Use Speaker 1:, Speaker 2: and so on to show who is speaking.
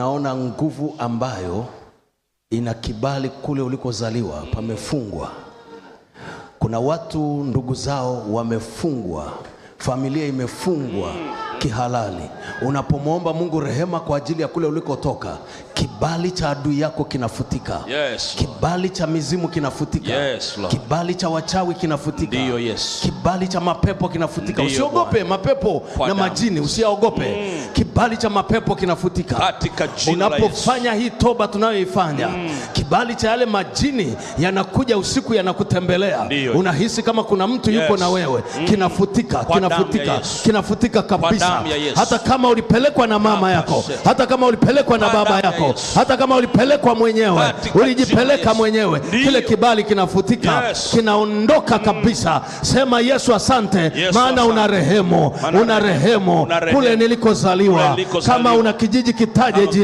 Speaker 1: ninaona nguvu ambayo ina kibali kule ulikozaliwa pamefungwa. Kuna watu ndugu zao wamefungwa, familia imefungwa kihalali. Unapomwomba Mungu rehema kwa ajili ya kule ulikotoka, kibali cha adui yako kinafutika. Yes, kibali cha mizimu kinafutika. Yes, kibali cha wachawi kinafutika.
Speaker 2: Ndiyo, yes.
Speaker 1: Kibali cha mapepo kinafutika. Usiogope mapepo kwa na majini, usiaogope. Mm. Kibali cha mapepo kinafutika unapofanya hii toba tunayoifanya. Mm. Kibali cha yale majini yanakuja usiku yanakutembelea. unahisi kama kuna mtu yes, yuko na wewe. Mm. Kinafutika, kinafutika, kinafutika kabisa. Hata kama ulipelekwa na mama yako, hata kama ulipelekwa na baba yako, hata kama ulipelekwa mwenyewe, ulijipeleka mwenyewe, kile kibali kinafutika, kinaondoka mm. kabisa. Sema Yesu, asante, maana una rehemu, una rehemu kule nilikozaliwa. Kama una kijiji kitaje